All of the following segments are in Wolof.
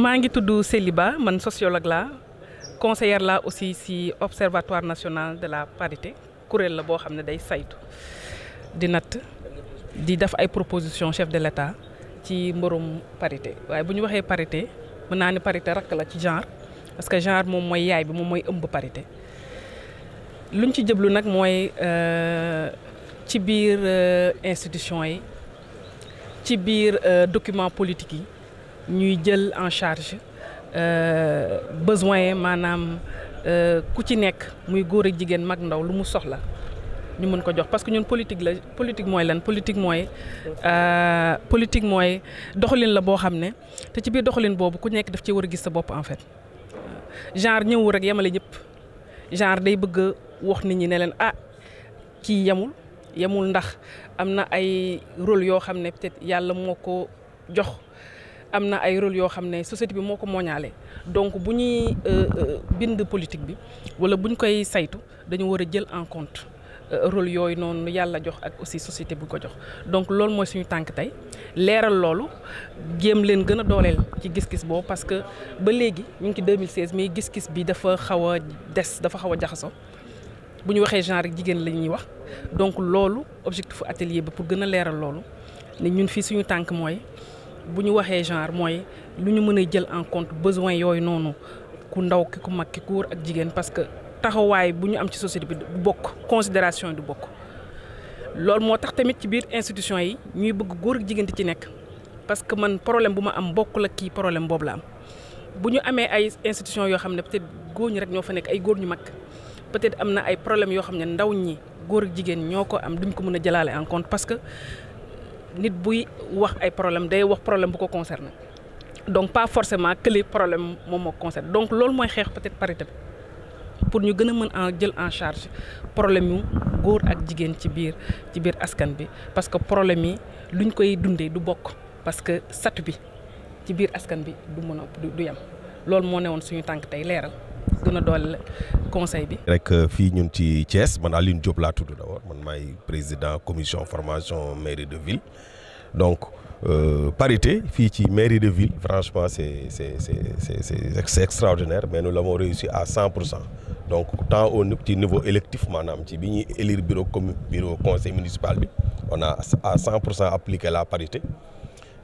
maa ngi tudd Célie Ba man sociologue laa conseillère laa aussi si observatoire national de la parité kuréel la boo xam ne day saytu di natt di def ay proposition chef de l'État ci mborum parité waaye bu ñu waxee parité mën naa ne parité rakk la ci genre parce que genre moom mooy yaay bi moom mooy ëmb parité luñ ci jëblu nag mooy euh, ci biir euh, institution yi ci biir euh, document politique yi ñuy jël en charge euh, besoin yi maanaam euh, ku ci nekk muy góor ak jigéen mag ndaw lu mu soxla ñu mën ko jox parce que ñun politique la politique mooy lan politique mooy euh, politique mooy doxalin la boo xam ne te ci biir doxalin boobu ku nekk daf ci war a gis sa bopp en fait genre ñëwu rek yemale ñëpp genre day bëgg a wax nit ñi ne leen ah kii yemul yamul ndax am na ay rôle yoo xam ne peut yàlla moo ko jox am na ay rôle yoo xam ne société bi moo ko mooñaale donc bu ñuy euh, euh, bind politique bi wala bu ñu koy saytu dañu war a jël en compte euh, rôle yooyu noonu yàlla jox ak aussi société bu ko jox donc loolu mooy suñu tànk tey leeral loolu jéem leen gën a dooleel ci gis-gis boobu parce que ba léegi ñu ngi ci 2016 mais gis-gis bi dafa xaw a des dafa xaw a jaxasoo bu ñu waxee genre jigéen la ñuy wax donc loolu objectif atelier ba pour gën a leeral loolu ne ñun fii suñu tànk mooy bu ñu waxee genre mooy lu ñu mën a jël en compte besoin yooyu noonu ku ndaw ki ku mag ki góor ak jigéen parce que taxawaay bu ñu am ci société bi du bokk considération du bokk loolu moo tax tamit ci biir institution yi ñuy bëgg góor ak jigéen di ci nekk parce que man problème bu ma am bokk la kii problème boobu la am bu ñu amee ay institution yoo xam ne peut-être góor ñi rek ñoo fa nekk ay góor ñu mag peut-être am na ay problème yoo xam ne ndaw ñi góor ak ñoo ko am duñ ko mën a jëlaale en parce que nit buy wax ay problème day wax problème bu ko concerné donc pas forcément que problème moom moo concerné donc loolu mooy xeex peut-être parité bi pour ñu gën a mën en jël en charge problème yu góor ak jigéen ci biir ci biir askan bi parce que problème yi lu luñ koy dundee du bokk parce que satu bi ci biir askan bi du mën a du yem loolu moo ne woon suñu tànk tey leeral gën a doole conseil bi. rek euh, fii ñun ci Thiès man Alioune Diop laa tudd d'abord man maay président commission formation mairie de ville donc euh, parité fii ci mairie de ville franchement c'est c'est c'est c'est c'est extraordinaire mais nous l'avons réussi à 100 cent donc tant au ci niveau électif maanaam ci bi ñuy élire bureau commune bureau conseil municipal bi on a à 100 pour cent appliqué la parité.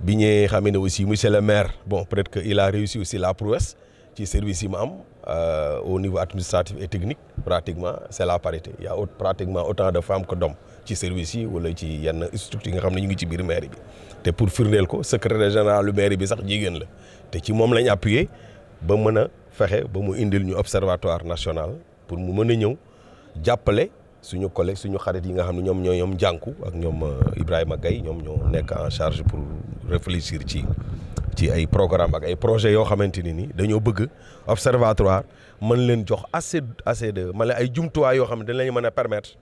bi ñu xamee ne aussi monsieur le maire bon peut-être que il a réussi aussi la prouesse ci service yi mu am euh, au niveau administratif et technique pratiquement c'est la parité il y a pratiquement autant de femmes ko d'hommes ci service yi wala ci yenn structure yi nga xam ne ñu ngi ci biir mairie bi te pour firndeel ko secrétaire général lu mairie bi sax jigéen la te ci moom lañ appuyé ba mën a fexe ba mu indil ñu observatoire national pour mu mën a ñëw jàppale suñu collègue suñu xarit yi nga xam ne ñoom ñoo ñoom jànku ak ñoom euh, Ibrahima gay ñoom ñoo nekk en charge pour réfléchir ci ci ay programme ak ay projet yoo xamante ni ni dañoo bëgg observatoire mën leen jox assez assez de man ay jumtuwaay yoo xam ne dañ lañu mën a permettre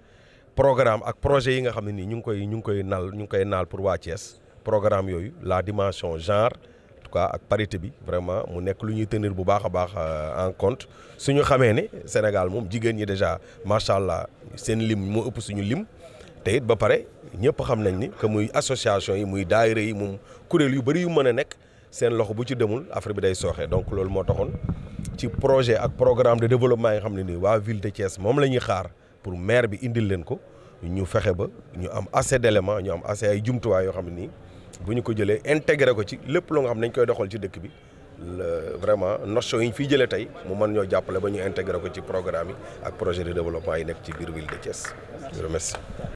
programme ak projet yi nga xam ne nii ñu ngi koy ñu ngi koy naal ñu ngi koy naal pour waa Thiès programme yooyu la dimension genre en tout cas ak parité bi vraiment mu nekk lu ñuy tenir bu baax baax euh, en compte suñu xamee ne Sénégal moom jigéen ñi déjà macha allah seen lim moo ëpp suñu lim te it ba pare ñëpp xam nañ ni que muy association yi muy daayira yi moom kuréel yu bëri yu mën a nekk seen loxo bu ci demul affaire bi day sooxee donc loolu moo taxoon ci projet ak programme de développement yi xam ne nii waa ville de Thiès moom lañuy xaar pour maire bi indil leen ko ñu fexe ba ñu am assez d'éléments ñu am assez ay jumtuwaay yoo xam ne nii bu ñu ko jëlee intégré ko ci lépp loo nga xam ne dañ koy doxal ci dëkk bi vraiment notion yi ñu fiy jëlee tey mu mën ñoo jàppale ba ñu intégré ko ci programme ak projet de développement yi nekk ci biir ville de Thiès. je remercie.